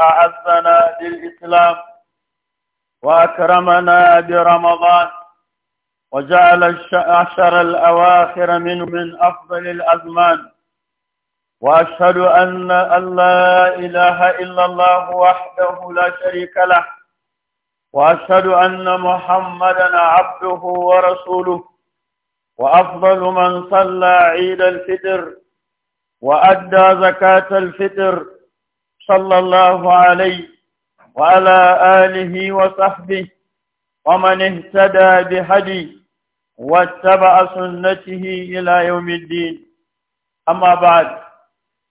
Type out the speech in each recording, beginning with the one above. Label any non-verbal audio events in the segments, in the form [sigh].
أعزنا للإسلام وأكرمنا برمضان وجعل الشهر الأواخر منه من أفضل الأزمان وأشهد أن لا إله إلا الله وحده لا شريك له وأشهد أن محمدا عبده ورسوله وأفضل من صلى عيد الفطر وأدى زكاة الفطر صلى الله عليه وعلى آله وصحبه ومن اهتدى بهدي واتبع سنته إلى يوم الدين أما بعد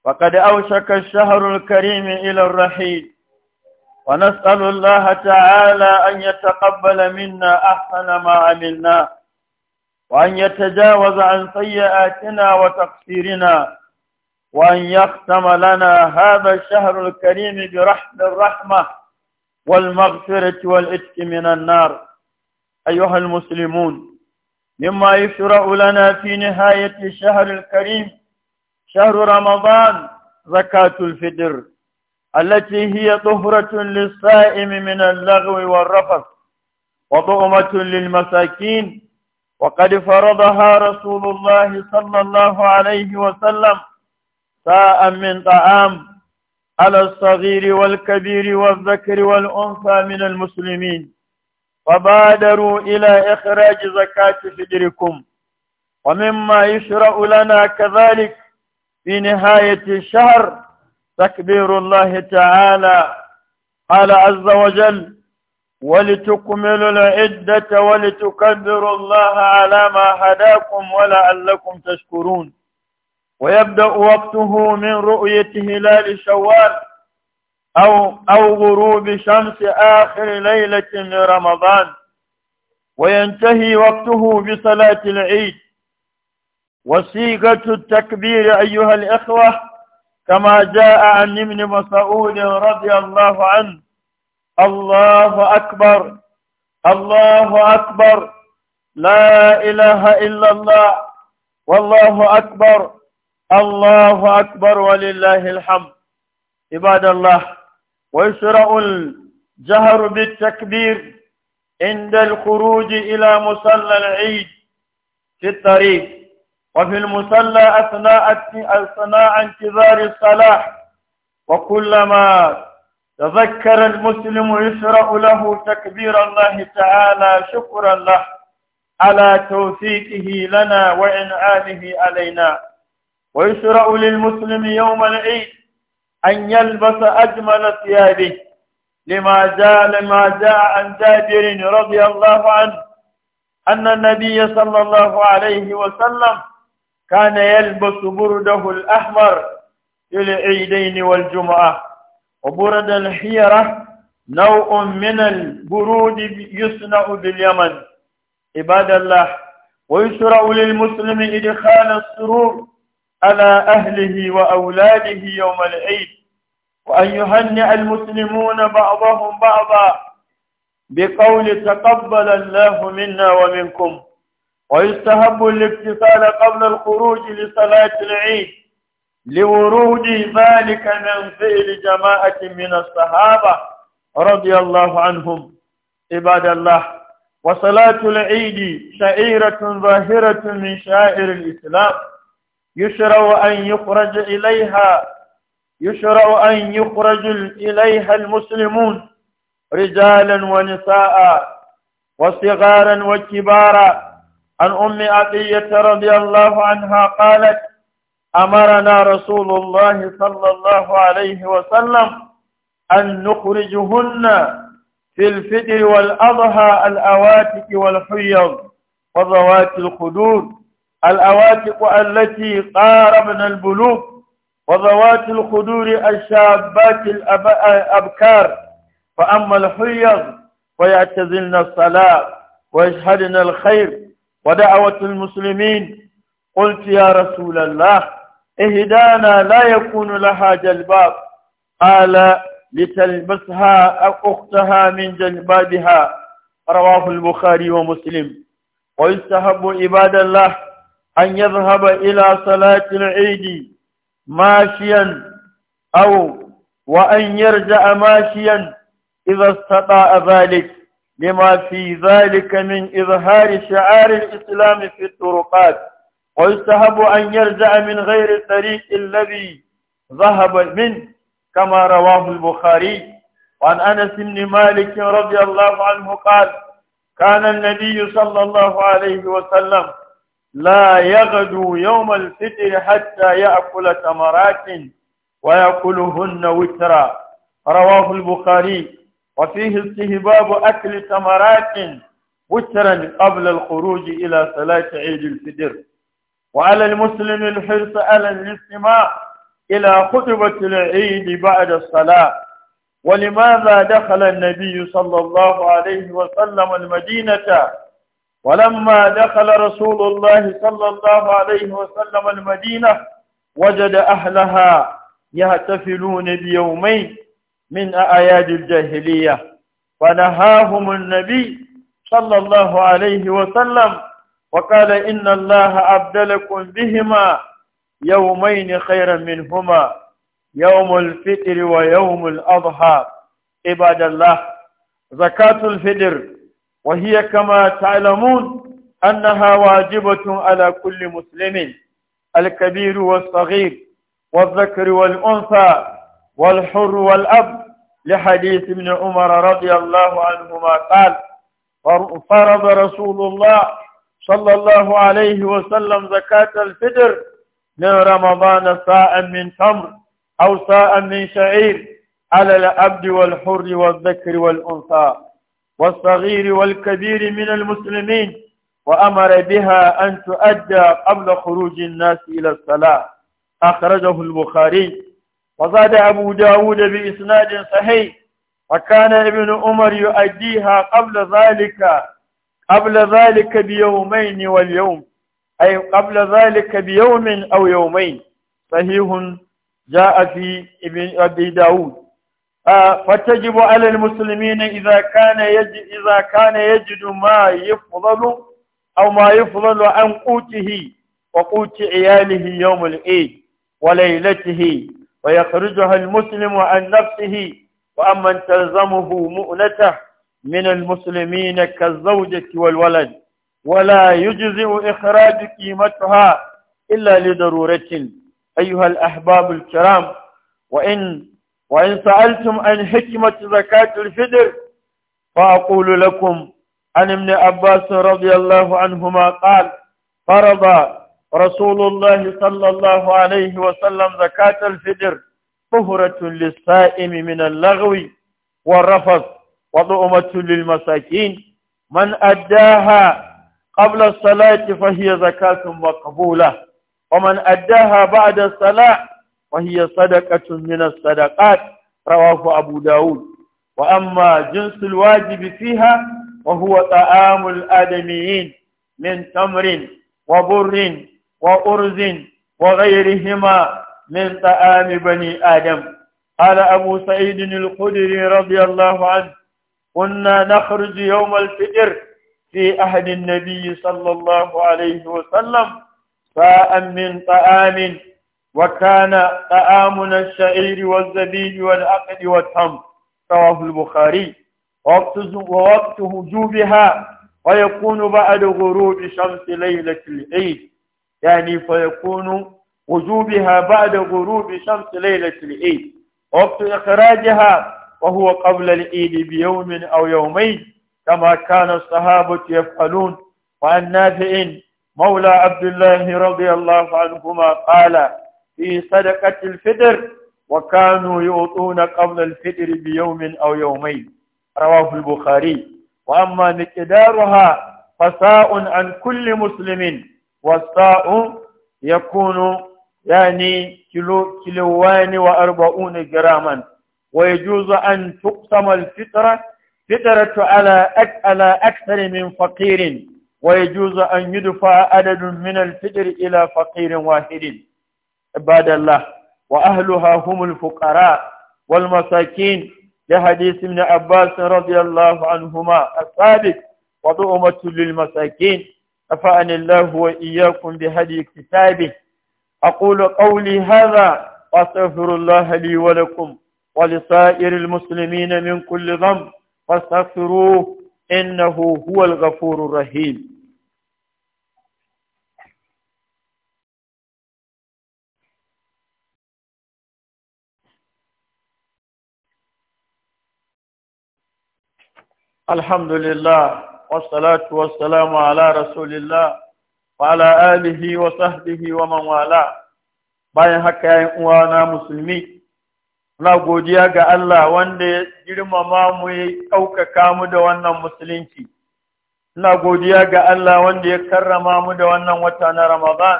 فقد أوشك الشهر الكريم إلى الرحيل ونسأل الله تعالى أن يتقبل منا أحسن ما عملنا وأن يتجاوز عن سيئاتنا وتقصيرنا وأن يختم لنا هذا الشهر الكريم برحم الرحمة والمغفرة والإتك من النار أيها المسلمون مما يشرع لنا في نهاية الشهر الكريم شهر رمضان زكاة الفطر التي هي طهرة للصائم من اللغو والرفث وطعمة للمساكين وقد فرضها رسول الله صلى الله عليه وسلم ساء من طعام على الصغير والكبير والذكر والأنثى من المسلمين فبادروا إلى إخراج زكاة فجركم ومما يشرع لنا كذلك في نهاية الشهر تكبير الله تعالى قال عز وجل ولتكملوا العدة ولتكبروا الله على ما هداكم ولعلكم تشكرون ويبدأ وقته من رؤية هلال شوال أو, أو غروب شمس آخر ليلة لرمضان رمضان وينتهي وقته بصلاة العيد وصيغة التكبير أيها الإخوة كما جاء عن ابن مسعود رضي الله عنه الله أكبر الله أكبر لا إله إلا الله والله أكبر الله أكبر ولله الحمد عباد الله ويسرع الجهر بالتكبير عند الخروج إلى مصلى العيد في الطريق وفي المصلى أثناء أثناء انتظار الصلاة وكلما تذكر المسلم يسرع له تكبير الله تعالى شكرا له على توفيقه لنا وإنعامه علينا ويشرع للمسلم يوم العيد أن يلبس أجمل ثيابه لما جاء لما جاء عن جابر رضي الله عنه أن النبي صلى الله عليه وسلم كان يلبس برده الأحمر للعيدين والجمعة وبرد الحيرة نوع من البرود يصنع باليمن عباد الله ويشرع للمسلم إدخال السرور على أهله وأولاده يوم العيد وأن يهنئ المسلمون بعضهم بعضا بقول تقبل الله منا ومنكم ويستهب الاتصال قبل الخروج لصلاة العيد لورود ذلك من فعل جماعة من الصحابة رضي الله عنهم عباد الله وصلاة العيد شعيرة ظاهرة من شعائر الإسلام يشرع أن يخرج إليها يشرع أن يخرج إليها المسلمون رجالا ونساء وصغارا وكبارا عن أم عطية رضي الله عنها قالت أمرنا رسول الله صلى الله عليه وسلم أن نخرجهن في الفتر والأضحى الأواتك والحيض وضوات الخدود الأواتق التي قاربن البلوغ وذوات الخدور الشابات الأبكار فأما الحيض فيعتزلن الصلاة ويشهدن الخير ودعوة المسلمين قلت يا رسول الله إهدانا لا يكون لها جلباب قال لتلبسها أو أختها من جلبابها رواه البخاري ومسلم ويستحب عباد الله أن يذهب إلى صلاة العيد ماشيا أو وأن يرجع ماشيا إذا استطاع ذلك لما في ذلك من إظهار شعار الإسلام في الطرقات ويستحب أن يرجع من غير الطريق الذي ذهب منه كما رواه البخاري وعن أنس بن مالك رضي الله عنه قال كان النبي صلى الله عليه وسلم لا يغدو يوم الفطر حتى يأكل تمرات ويأكلهن وترا رواه البخاري وفيه استهباب أكل تمرات وترا قبل الخروج إلى صلاة عيد الفطر وعلى المسلم الحرص على الاستماع إلى خطبة العيد بعد الصلاة ولماذا دخل النبي صلى الله عليه وسلم المدينة ولما دخل رسول الله صلى الله عليه وسلم المدينة وجد أهلها يحتفلون بيومين من أعياد الجاهلية فنهاهم النبي صلى الله عليه وسلم وقال إن الله أبدلكم بهما يومين خيرا منهما يوم الفطر ويوم الأضحى عباد الله زكاة الفطر وهي كما تعلمون أنها واجبة على كل مسلم الكبير والصغير والذكر والأنثى والحر والأب لحديث ابن عمر رضي الله عنهما قال فرض رسول الله صلى الله عليه وسلم زكاة الفطر من رمضان ساء من تمر أو ساء من شعير على الأبد والحر والذكر والأنثى والصغير والكبير من المسلمين وأمر بها أن تؤدى قبل خروج الناس إلى الصلاة أخرجه البخاري وزاد أبو داود بإسناد صحيح وكان ابن عمر يؤديها قبل ذلك قبل ذلك بيومين واليوم أي قبل ذلك بيوم أو يومين صحيح جاء في ابن أبي داود آه، فتجب على المسلمين إذا كان يجد إذا كان يجد ما يفضل أو ما يفضل عن قوته وقوت عياله يوم العيد وليلته ويخرجها المسلم عن نفسه وأما تلزمه مؤنته من المسلمين كالزوجة والولد ولا يجزئ إخراج قيمتها إلا لضرورة أيها الأحباب الكرام وإن وإن سألتم عن حكمة زكاة الفدر فأقول لكم عن ابن عباس رضي الله عنهما قال فرض رسول الله صلى الله عليه وسلم زكاة الفدر طهرة للسائم من اللغو والرفض وضؤمة للمساكين من أداها قبل الصلاة فهي زكاة مقبولة ومن أداها بعد الصلاة وهي صدقة من الصدقات رواه أبو داود وأما جنس الواجب فيها وهو طعام الآدميين من تمر وبر وأرز وغيرهما من طعام بني آدم قال أبو سعيد الخدري رضي الله عنه كنا نخرج يوم الفجر في أهل النبي صلى الله عليه وسلم فاء من طعام وكان طعامنا الشعير والزبيب والعقد والتمر رواه البخاري ووقت هجوبها ويكون بعد غروب شمس ليلة العيد يعني فيكون وجوبها بعد غروب شمس ليلة العيد وقت إخراجها وهو قبل العيد بيوم أو يومين كما كان الصحابة يفعلون وعن نافع مولى عبد الله رضي الله عنهما قال في صدقة الفطر وكانوا يعطون قبل الفطر بيوم أو يومين رواه البخاري وأما مقدارها فساء عن كل مسلم والساء يكون يعني كيلو كيلوان وأربعون جراما ويجوز أن تقسم الفطرة فطرة على على أكثر من فقير ويجوز أن يدفع عدد من الفطر إلى فقير واحد عباد الله وأهلها هم الفقراء والمساكين لحديث ابن عباس رضي الله عنهما الثابت وضؤمة للمساكين أفعني الله وإياكم بهدي كتابه أقول قولي هذا وأستغفر الله لي ولكم ولسائر المسلمين من كل ذنب فاستغفروه إنه هو الغفور الرحيم الحمد لله والصلاة والسلام على رسول الله وعلى wa وصحبه wa والاه bayan haka yayin uwana musulmi muna godiya ga Allah wanda ya girmama mu ya ɗaukaka mu da wannan musulunci ina godiya ga Allah wanda ya karrama mu da wannan wata na Ramadan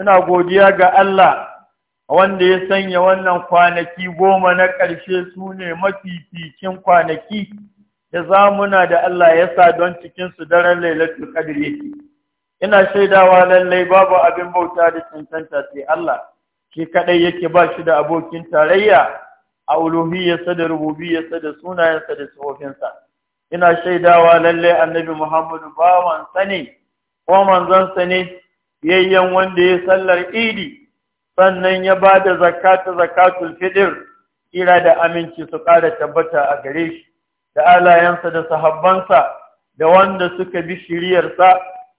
ina godiya ga Allah wanda ya sanya wannan kwanaki goma na ƙarshe su ne mafificin kwanaki da za muna da Allah ya sa don cikinsu daren lailatul qadr yake ina shaidawa lallai babu abin bauta da cancanta sai Allah shi kaɗai yake ba shi da abokin tarayya a uluhiyyarsa da rububiyyarsa da sunayensa da sifofinsa ina shaidawa lallai annabi Muhammadu bawan sa sani ko manzon sa yayyan wanda ya sallar idi sannan ya ba da zakata zakatul fidir, kira da aminci su ƙara tabbata a gare shi da alayensa da sahabbansa da wanda suka bi shiriyarsa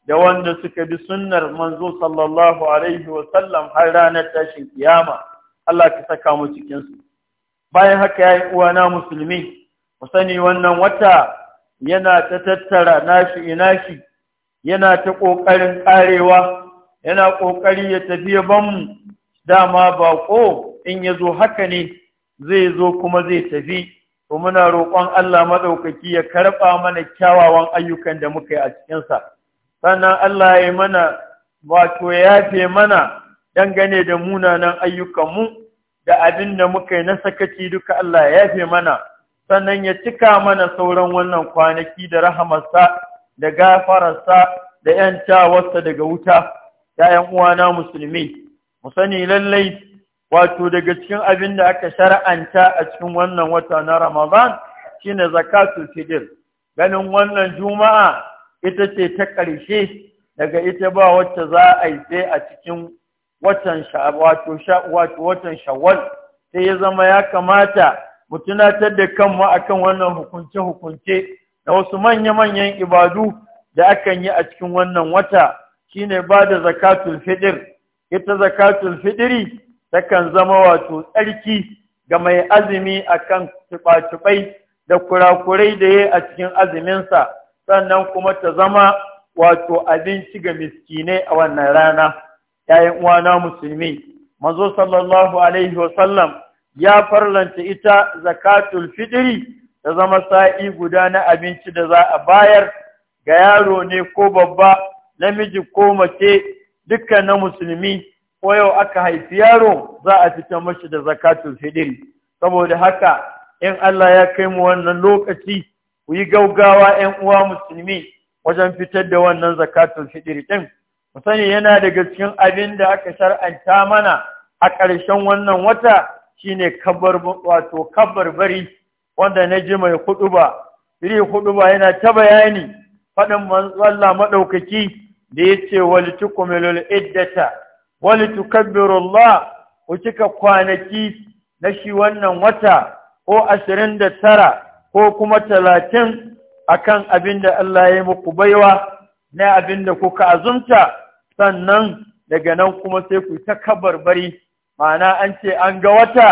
da wanda suka bi sunnar manzo sallallahu alaihi wa sallam har ranar tashin kiyama Allah ka saka mu cikin su bayan haka uwa uwana musulmi ku sani wannan wata yana ta tattara nashi ina shi, yana ta kokarin karewa yana kokari ya tafi ban dama bako in yazo haka ne zai zo kuma zai tafi to muna roƙon Allah maɗaukaki ya karɓa mana kyawawan ayyukan da muka yi a cikinsa, sannan Allah ya mana wato ya yafe mana dangane da munanan mu da abin da muka yi na sakaci duka Allah ya yafe mana, sannan ya cika mana sauran wannan kwanaki da rahamarsa da gafararsa da 'yan cawarsa daga wuta, ‘ya'yan uwana musulmi, mu sani lallai wato daga cikin abin da aka shar'anta a cikin wannan wata na Ramadan shine zakatul fidir. ganin wannan juma'a ita ce ta ƙarshe daga ita ba wacce za a yi sai a cikin watan wato wato watan Shawwal sai ya zama ya kamata mu tunatar da kanmu akan wannan hukunce hukunce da wasu manya-manyan ibadu da akan yi a cikin wannan wata shine ba da zakatul fidir. ita zakatul fidiri takan zama wato tsarki ga mai azumi akan tuɓa-tuɓai da kurakurai da ya a cikin azuminsa sannan kuma ta zama wato abinci ga miskinai a wannan rana yayin uwana musulmi manzo sallallahu alaihi wasallam ya farlanta ita zakatul fitri ta zama sa'i guda na abinci da za a bayar ga yaro ne ko babba namiji ko mace dukkan na musulmi ko yau aka haifi yaro za a fita mashi da zakatul fidiri saboda haka in Allah ya kai mu wannan lokaci ku yi gaugawa 'yan uwa musulmi wajen fitar da wannan zakatul fidiri din mu sani yana daga cikin abin da aka shar'anta mana a ƙarshen wannan wata shine kabbar wato bari, wanda na ji mai kuɗuba. iri kuɗuba yana ta bayani faɗin Allah madaukaki da ya ce iddata wali tukabbirullah ku cika kwanaki na shi wannan wata ko ashirin da tara ko kuma talatin akan abin da Allah ya yi muku baiwa na abin da kuka azumta sannan daga nan kuma sai ku ta kabarbari ma'ana an ce an ga wata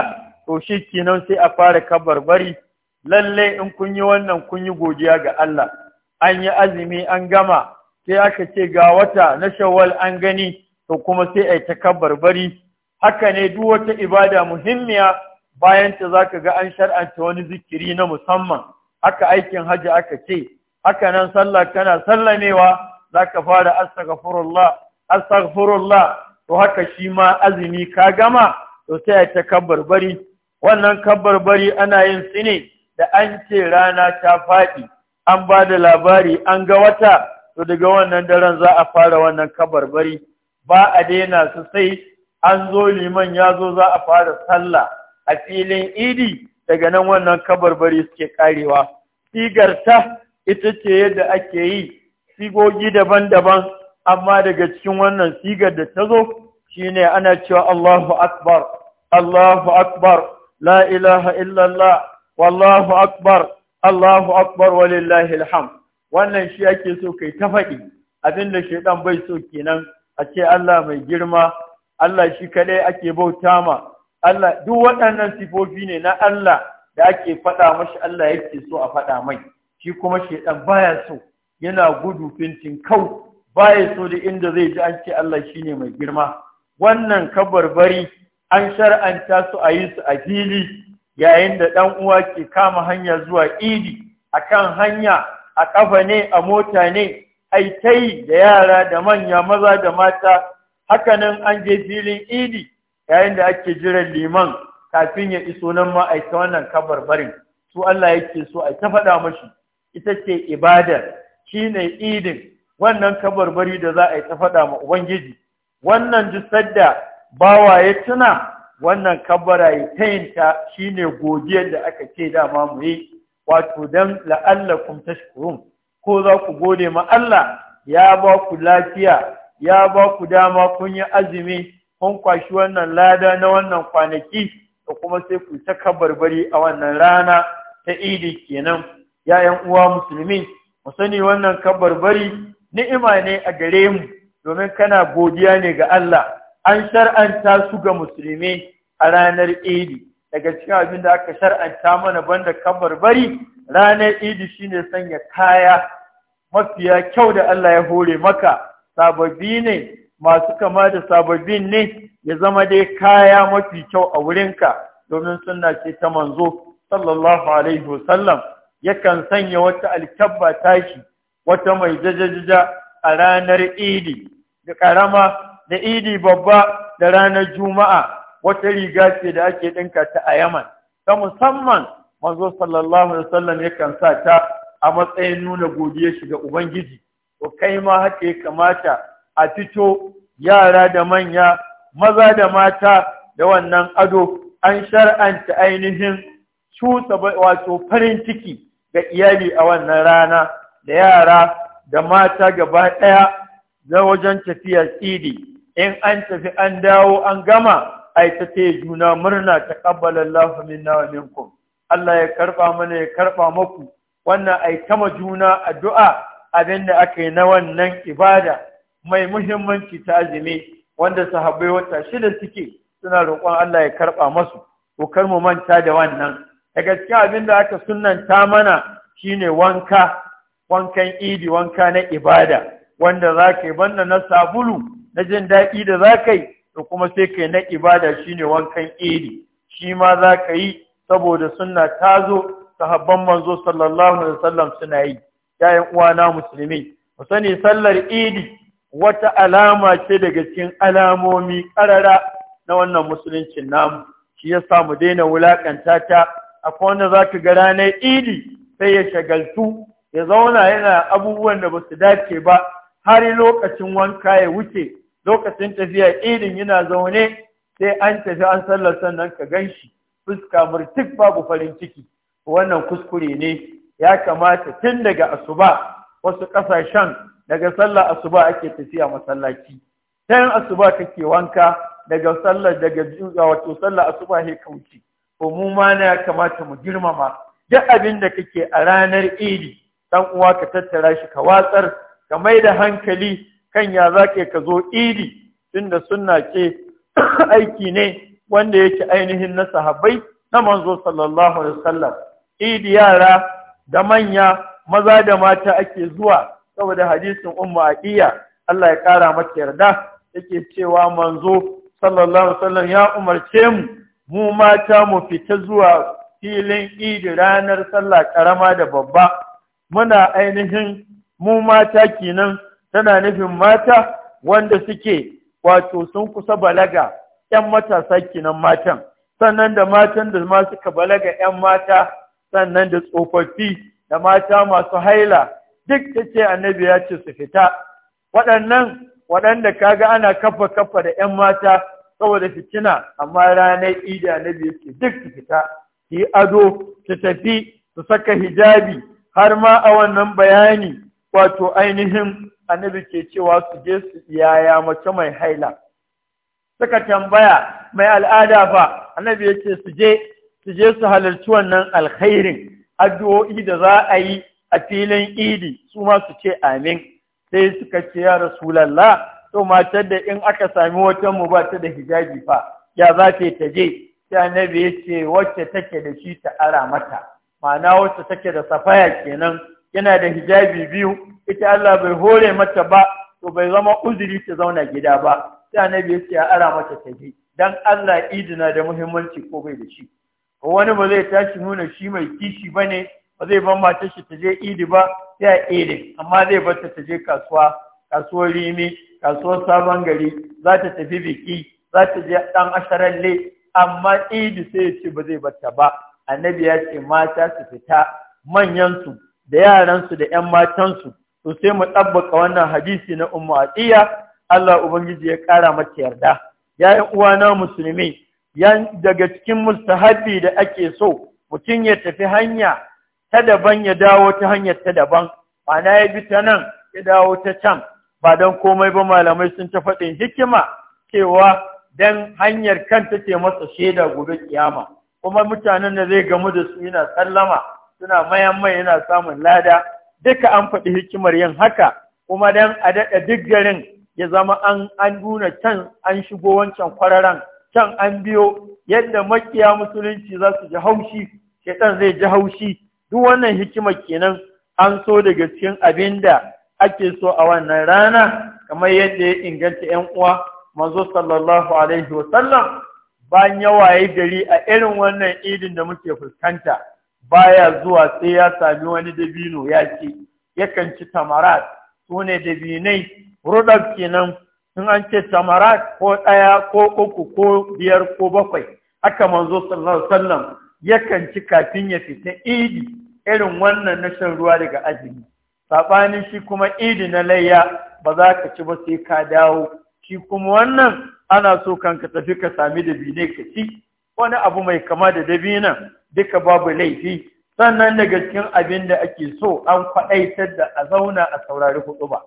to shi kenan sai a fara kabarbari lalle in kun yi wannan kun yi godiya ga Allah an yi azumi an gama sai aka ce ga wata na shawwal an gani to kuma sai a yi ta kabarbari haka ne duk wata ibada muhimmiya bayan ta za ka ga an shar'anta wani zikiri na musamman haka aikin hajji aka ce haka nan sallah kana sallamewa Za ka fara astaghfirullah astaghfirullah to haka shi ma azumi ka gama to sai a yi ta kabarbari wannan kabarbari ana yin su ne da an ce rana ta faɗi an ba da labari an ga wata to daga wannan daren za a fara wannan kabarbari ba a daina su sai an zo liman ya zo za a fara sallah a filin idi daga nan wannan kabarbari suke karewa sigarta ita ce yadda ake yi sigogi daban-daban amma daga cikin wannan sigar da ta zo shine ana cewa Allahu akbar Allahu akbar la ilaha illallah wallahu akbar Allahu akbar walillahi alham wannan shi ake so kai ta faɗi abinda shaitan bai so kenan a ce Allah mai girma Allah shi kadai ake bauta ma Allah duk waɗannan sifofi ne na Allah da ake faɗa mashi Allah yake so a faɗa mai shi kuma ɗan baya so yana gudu fintin kau baya so da inda zai ji an ce Allah shi ne mai girma wannan kabarbari an shar'anta su a yi su a fili yayin da ɗan uwa ke kama hanya zuwa idi kan hanya a ƙafa ne a mota ne ai da yara da manya maza da mata hakanan an je filin idi yayin da ake jiran liman kafin ya iso nan ma aika wannan kabarbarin su Allah yake so a ta faɗa mashi ita ce ibada shine idin wannan kabarbari da za a yi ta faɗa ma ubangiji wannan jisar da bawa ya tuna wannan kabara ya tayinta shine godiyar da aka ce dama mu yi wato dan la'allakum tashkurun ko za ku gode ma Allah ya ba ku lafiya ya ba ku dama kun yi azumi kun kwashi wannan lada na wannan kwanaki da kuma sai ku ta kabarbari a wannan rana ta idi kenan yayan uwa musulmi mu sani wannan kabarbari ni'ima ne a gare mu domin kana godiya ne ga Allah an shar'anta su ga musulmi a ranar idi daga cikin abin da aka shar'anta mana banda kabarbari ranar idi shine sanya kaya mafiya kyau da Allah ya hore maka sababbi ne masu kama da sababbin ne ya zama dai kaya mafi kyau a wurinka domin sunna ce ta manzo sallallahu alaihi wasallam yakan sanya wata alkabba tashi wata mai jajajaja a ranar idi da karama da idi babba da ranar juma'a wata riga ce da ake ɗinka ta a yaman ta musamman manzo sallallahu alaihi wasallam yakan sa ta a matsayin nuna godiya shiga ubangiji to kai ma haka ya kamata a fito yara da manya maza da mata da wannan ado an shar'anta ainihin cusa wato farin ciki ga iyali a wannan rana da yara da mata gaba ɗaya na wajen tafiya tsidi in an tafi an dawo an gama a ta juna murna ta ƙabbalallahu minna wa minkum Allah ya karɓa mana ya karɓa maku wannan ai kama juna addu'a abin da aka yi na wannan ibada mai muhimmanci ta azumi wanda sahabbai wata shida suke suna roƙon Allah ya karɓa masu ko kar mu manta da wannan a gaskiya abin da aka sunnanta mana shine wanka wankan idi wanka na ibada wanda za ka yi banda na sabulu na jin daɗi da za ka yi da kuma sai ka na ibada shine wankan idi shi ma za ka yi saboda sunna tazo, sahabban manzo sallallahu alaihi wasallam suna yi yayin uwana musulmi musani sallar idi wata alama ce daga cikin alamomi karara na wannan musuluncin namu shi yasa mu daina wulakanta ta akwai wanda zaka ga ranar idi sai ya shagaltu ya zauna yana abubuwan da basu dace ba har lokacin wanka ya wuce lokacin tafiya idin yana zaune sai an tafi an sallar sannan ka ganshi fuska murtik babu farin ciki wannan kuskure ne ya kamata tun daga asuba wasu kasashen daga sallar asuba ake tafiya masallaci tayin asuba kake wanka daga sallar daga wato sallar asuba he kauce umuma na ya kamata mu girmama duk abin da kake a ranar idi dan uwa ka tattara shi ka watsar ka mai da hankali kan ya zake ka zo idi tunda sunna ce [coughs] aiki ne wanda yake ainihin na sahabbai na manzo sallallahu alaihi wasallam idi yara da manya maza da mata ake zuwa saboda hadisin ummu aqiya Allah ya kara mata yarda yake cewa manzo sallallahu alaihi wasallam ya umarce mu mu mata mu fita zuwa filin idi ranar sallah karama da babba muna ainihin mu mata kenan tana nufin mata wanda suke wato sun kusa balaga ‘yan matasa kenan matan, sannan da matan da ma suka balaga ‘yan mata, sannan da tsofaffi da mata masu haila, duk da ce annabi ya ce su fita. Waɗannan waɗanda ka ga ana kafa kafa da ‘yan mata saboda fitina, amma ranar idi annabi ya ce duk su fita, su yi ado, su tafi, su saka hijabi, har ma a wannan bayani wato ainihin annabi ke cewa su je su yaya mace mai haila. suka tambaya mai al'ada fa annabi ya ce su je su je su halarci wannan alkhairin addu'o'i da za a yi a filin idi su ma su ce amin sai suka ce ya rasulallah to matar da in aka sami wata mu ba ta da hijabi fa ya za ta ta je sai annabi ya ce wacce take da shi ta ara mata ma'ana wacce take da safaya kenan yana da hijabi biyu ita Allah bai hore mata ba to bai zama uzuri ta zauna gida ba sai annabi ya ce a ara mata ta je dan Allah idina da muhimmanci ko bai da shi ko wani ba zai tashi nuna shi mai kishi bane ba zai bar matar shi ta je idi ba sai a idi amma zai bar ta je kasuwa kasuwar rimi kasuwar sabon gari za ta tafi biki za ta je dan asharalle amma idi sai ya ce ba zai bar ta ba annabi ya ce mata su fita manyansu da yaransu da 'yan matansu to sai mu ɗabbaka wannan hadisi na ummu atiya Allah ubangiji ya ƙara mata yarda yayin uwana musulmi daga cikin mustahabi da ake so mutum ya tafi hanya ta daban ya dawo ta hanyar ta daban ana ya bi ta nan ya dawo ta can ba don komai ba malamai sun ta faɗin hikima cewa don hanyar kan ta ce masa shaida gobe kiyama kuma mutanen da zai gamu da su yana sallama suna mayan mai yana samun lada duka an faɗi hikimar yin haka kuma dan a daɗa duk garin ya zama an an nuna can an shigo wancan kwararan can an biyo yadda makiya musulunci za su ji haushi shaitan zai ji haushi duk wannan hikima kenan an so daga cikin abin da ake so a wannan rana kamar yadda ya inganta ‘yan uwa manzo sallallahu alaihi wa sallam, bayan yawaye gari a irin wannan idin da muke fuskanta baya zuwa sai ya sami wani dabino ya ce yakan ci tamarat su ne dabinai product kenan in an ce tamarat ko ɗaya ko uku ko biyar ko bakwai aka manzo sallallahu alaihi yakan ci kafin ya fita idi irin wannan na shan ruwa daga azumi saɓanin shi kuma idi na layya ba za ka ci ba sai ka dawo shi kuma wannan ana so kan ka tafi ka sami dabine ka ci wani abu mai kama da dabinan duka babu laifi sannan daga cikin abin da ake so an faɗaitar da a zauna a saurari huɗu ba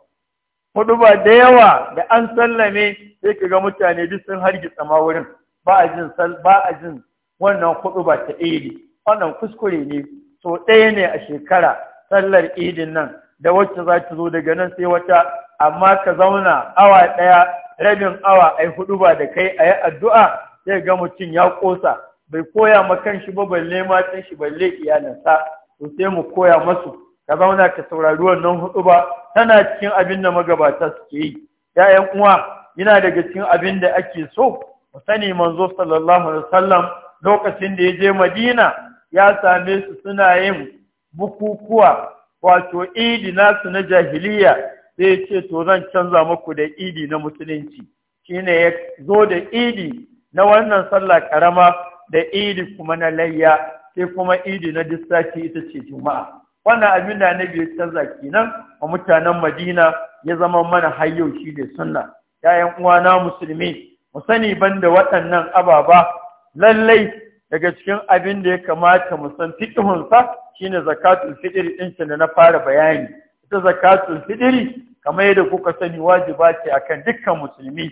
hudu ba da yawa da an sallame sai ka ga mutane duk sun hargitsa ma wurin ba a jin wannan hudu ba ta idi wannan kuskure ne so ɗaya ne a shekara sallar idin nan da wacce za ta zo daga nan sai wata amma ka zauna awa ɗaya rabin awa ai hudu ba da kai a yi addu'a sai ga mutum ya ƙosa bai koya ma shi ba balle matan shi balle iyalinsa to sai mu koya masu ka zauna ka saurari wannan hudu ba tana cikin abin da magabata suke yi ya'yan uwa yana daga cikin abin da ake so mu sani manzo sallallahu alaihi wasallam lokacin da ya je Madina ya same su suna yin bukukuwa wato idi nasu na jahiliya sai ce to zan canza muku da idi na musulunci shine ya zo da idi na wannan sallah karama da idi kuma na layya sai kuma idi na dissaci ita ce juma'a wannan abin da biyu ta canza kenan a mutanen madina ya zama mana hayyau shi da sunna yayan uwana musulmi mu sani da waɗannan ababa lallai daga cikin abin da ya kamata mu san sa shine zakatul fiɗiri din da na fara bayani ita zakatun fiɗiri, kamar yadda kuka sani wajiba ce akan dukkan musulmi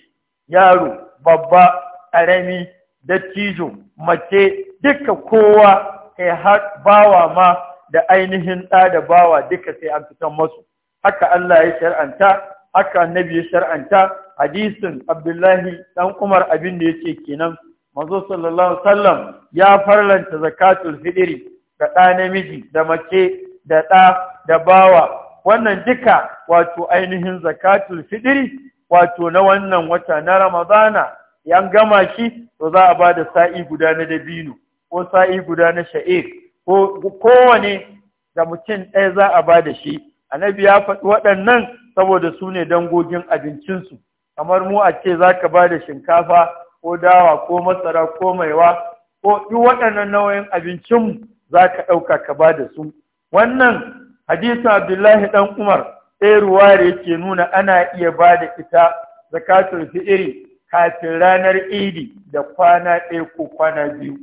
yaro babba ƙarami dattijo mace duka kowa kai har bawa ma da ainihin ɗa da bawa duka sai an fitan masu haka Allah ya shar'anta haka annabi ya shar'anta hadisin Abdullahi ɗan Umar abin da yake kenan manzo sallallahu alaihi wasallam ya farlanta zakatul fidiri da ɗa namiji da mace da ɗa da bawa wannan duka wato ainihin zakatul fidiri wato na wannan wata na Ramadana yan gama shi to za a ba da sa'i guda na dabino ko sa'i guda na sha'ir ko kowane da mutum ɗaya za a ba da shi annabi ya faɗi waɗannan saboda su ne dangogin abincinsu kamar mu a ce za ka ba da shinkafa ko dawa ko masara ko maiwa ko duk waɗannan nau'in abincinmu za ka ɗauka ka ba da su wannan hadisin abdullahi ɗan umar ɗaya ruware yake nuna ana iya ba da ita zakatul fi'iri kafin ranar idi da kwana ɗaya ko kwana biyu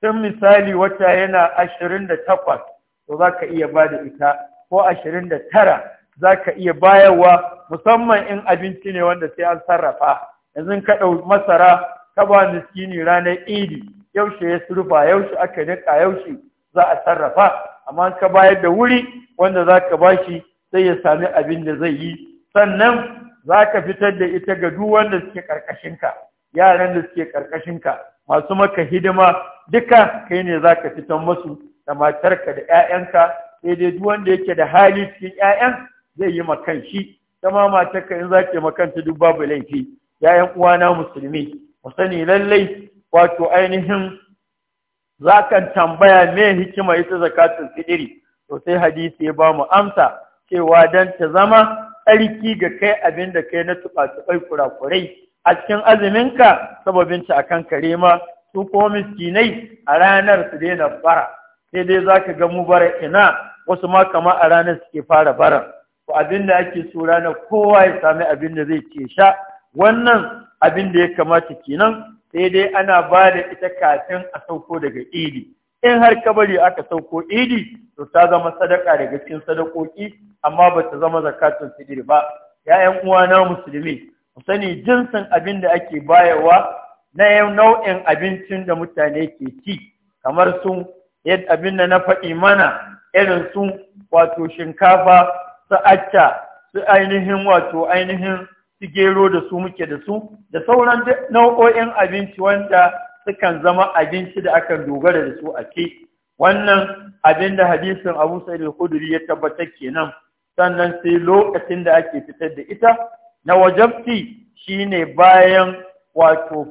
tun misali wata yana ashirin da takwas to za ka iya ba da ita ko ashirin da tara za ka iya bayarwa musamman in abinci ne wanda sai an sarrafa yanzu ka ɗau masara ka ba miskini ranar idi yaushe ya surfa yaushe aka niƙa yaushe za a sarrafa amma ka bayar da wuri wanda za ka ba shi sai ya sami abin da zai yi sannan za ka fitar da ita ga duk wanda suke ƙarƙashinka yaran da suke ƙarƙashinka masu maka hidima duka kai ne za ka fitan masu da matarka da 'ya'yanka sai dai duk wanda yake da hali cikin 'ya'yan zai yi makan shi ma matarka in za ke makanta duk babu laifi 'ya'yan uwana musulmi mu sani lallai wato ainihin za kan tambaya me hikima ita zakatun fidiri to sai hadisi ya ba mu amsa cewa dan ta zama tsarki ga kai abinda kai na tuba-tubai kurakurai a cikin azuminka sababinta akan karema su ko miskinai a ranar su daina bara sai dai za ka ga mu bara ina wasu ma kama a ranar suke fara bara ko abin da ake so ranar kowa ya sami abin da zai ke sha wannan abin da ya kamata kenan sai dai ana ba da ita kafin a sauko daga idi in har kabari aka sauko idi to ta zama sadaka daga cikin sadakoki amma ba ta zama zakatun sidir ba ya'yan uwa na musulmi ku sani jinsin abin da ake bayarwa na nau'in abincin da mutane ke ci kamar su abin da na faɗi mana irin su wato shinkafa su acca su ainihin wato ainihin su gero da su muke da su da sauran nau'o'in abinci wanda sukan zama abinci da aka dogara da su a ke wannan abin da hadisin abu sa'id al-khudri ya tabbatar kenan sannan sai lokacin da ake fitar da ita na wajabti shine bayan wato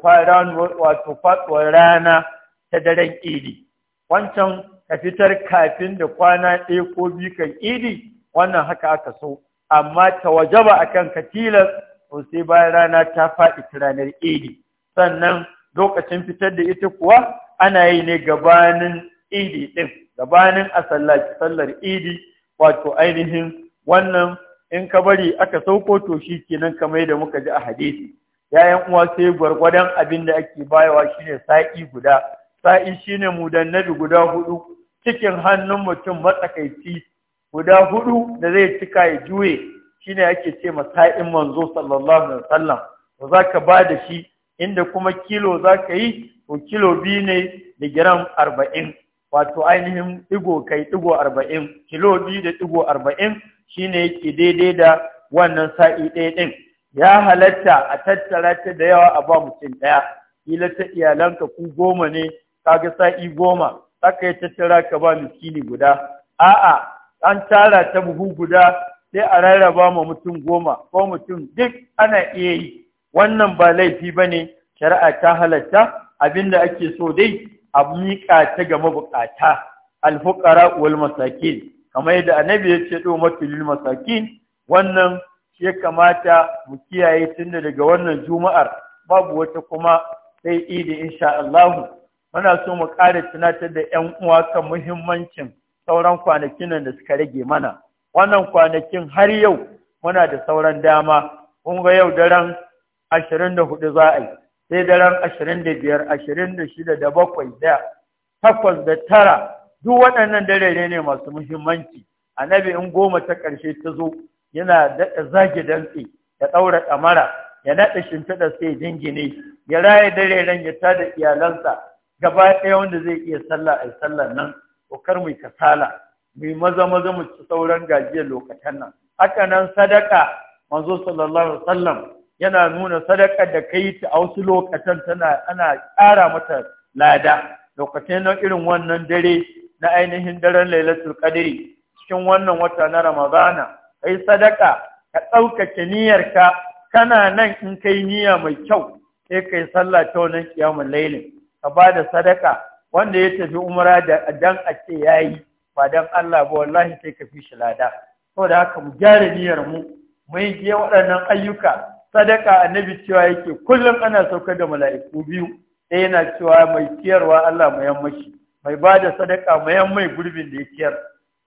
wato faɗuwar rana ta daren idi wancan ka fitar kafin da kwana ɗaya ko biyu kan idi wannan haka aka so amma ta waje ba akan katila katilar. to sai bayan rana ta faɗi ta ranar idi sannan lokacin fitar da ita kuwa ana yi ne gabanin idi ɗin gabanin a sallaci sallar idi wato ainihin wannan in ka bari aka sauko to shi kenan kamar yadda muka ji a hadisi yayan uwa sai gwargwadon abin da ake bayawa shine sa'i guda sa'i shine mudannabi guda hudu cikin hannun mutum matsakaici guda hudu da zai cika ya juye shine ake ce ma sa'in manzo sallallahu alaihi wasallam to zaka ba da shi inda kuma kilo zaka yi to kilo biyu ne da gram arba'in wato ainihin digo kai digo arba'in kilo biyu da digo arba'in shine yake daidai da wannan sa'i ɗaya ɗin ya halatta a tattara ta da yawa a ba mutum ɗaya kila ta iyalanka ku goma ne Ka ga sa'i goma aka yi tattara ka ba miskini guda a'a an tara ta buhu guda sai a rarraba ma mutum goma ko mutum duk ana iya yi wannan ba laifi ba ne shari'a ta halatta abinda ake so dai a miƙa ta ga mabuƙata. alfuƙara wal masakin kamar yadda annabi ya ce do matul masakin wannan shi ya kamata mu kiyaye tun daga wannan juma'ar babu wata kuma sai idi insha Allah muna so mu ƙara tunatar da ƴan uwa kan muhimmancin sauran kwanakin da suka rage mana wannan kwanakin har yau muna da sauran dama kun ga yau daren 24 za a yi sai daren 25 26 da 7 da 8 da 9 duk waɗannan dare ne masu muhimmanci annabi in goma ta ƙarshe ta zo yana daɗa zage dantse ya ɗaura ɗamara ya naɗa shimfiɗa sai jingine ya raya dare ran ya tada iyalansa gaba ɗaya wanda zai iya sallah a sallah nan to mu kasala mu maza maza mu ci sauran gajiyar lokacin nan haka nan sadaka manzo sallallahu alaihi wasallam yana nuna sadaka da kai ta a wasu lokacin tana ana ƙara mata lada lokacin nan irin wannan dare na ainihin daren lailatul qadri cikin wannan wata na ramadana kai sadaka ka ɗaukake niyyarka kana nan in kai niyya mai kyau sai kai sallah ta wannan kiyamun lailin ka ba da sadaka wanda ya tafi umra da dan a ce yi. ba dan Allah ba wallahi sai ka fi shi lada saboda haka mu gyara niyyar mu mu yi waɗannan ayyuka sadaka annabi cewa yake kullum ana saukar da mala'iku biyu ɗaya yana cewa mai ciyarwa Allah mu yammashi mai ba da sadaka mu yammai gurbin da ya ciyar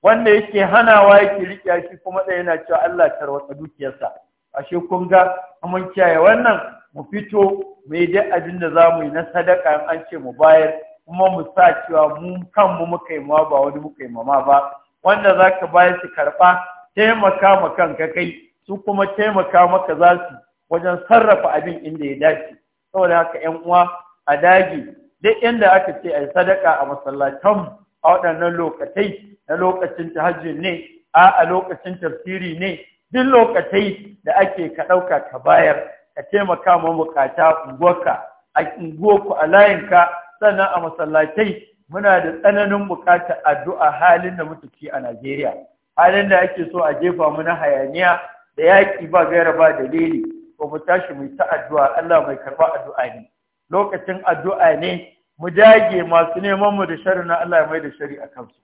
wanda yake hanawa yake riƙe shi kuma ɗaya yana cewa Allah tarwatsa dukiyarsa ashe kun ga mun kiyaye wannan mu fito mu yi duk abin da za mu yi na sadaka an ce mu bayar kuma mu sa cewa mu kanmu muka yi ba wani muka yi ma ba wanda za ka bayar su karɓa taimaka ma kanka kai su kuma taimaka maka za su wajen sarrafa abin inda ya dace saboda haka 'yan uwa a dage duk inda aka ce a yi sadaka a masallatanmu a waɗannan lokatai na lokacin tahajjud ne a a lokacin tafsiri ne duk lokatai da ake ka ɗauka ka bayar ka taimaka ma bukata unguwarka a unguwarku a layinka sannan a masallatai muna da tsananin bukatar addu'a halin da muke ci a Najeriya halin da ake so a jefa mu na hayaniya da yaƙi ba gaira ba dalili ko mu tashi mu ta addu'a Allah mai karɓa addu'a ne lokacin addu'a ne mu dage masu neman mu da sharri na Allah ya mai da shari a kansu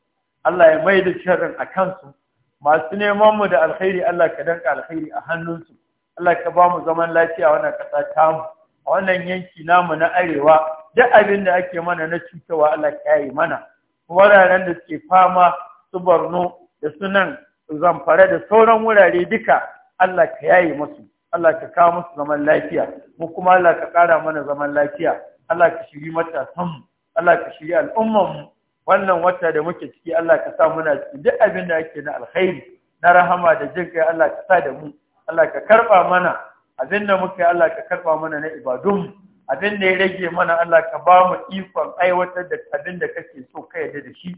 Allah ya mai da sharrin a kansu masu neman mu da alkhairi Allah ka danka alkhairi a hannunsu Allah ka ba mu zaman lafiya wannan ƙasa ta mu a wannan yanki namu na arewa duk abin da ake mana na cutawa Allah ka yi mana wuraren da suke fama su Borno da sunan Zamfara da sauran wurare duka Allah ka yaye musu Allah ka kawo musu zaman lafiya mu kuma Allah ka ƙara mana zaman lafiya Allah ka shiri matasanmu Allah ka shiri al'ummanmu wannan wata da muke ciki Allah ka sa muna cikin duk abin da yake na alkhairi na rahama da jin kai Allah ka sa da mu Allah ka karba mana abin da muke Allah ka karba mana na ibadun abin da ya rage mana Allah ka ba mu ikon aiwatar da abin da kake so ka yarda da shi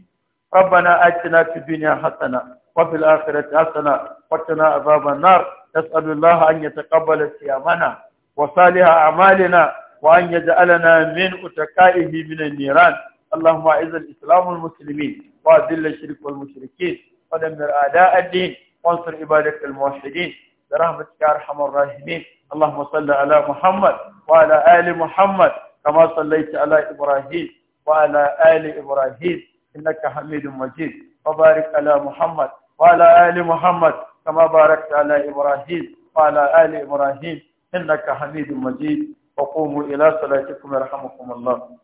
ربنا آتنا في الدنيا حسنة وفي الآخرة حسنة وقنا عذاب النار نسأل الله أن يتقبل صيامنا وصالح أعمالنا وأن يجعلنا من أتقائه من النيران اللهم أعز الإسلام والمسلمين وأذل الشرك والمشركين ودمر أعداء الدين وانصر عبادك الموحدين برحمتك يا أرحم الراحمين اللهم صل على محمد وعلى آل محمد كما صليت على إبراهيم وعلى آل إبراهيم إنك حميد مجيد وبارك على محمد وعلى آل محمد كما باركت على إبراهيم وعلى آل إبراهيم إنك حميد مجيد وقوموا إلى صلاتكم يرحمكم الله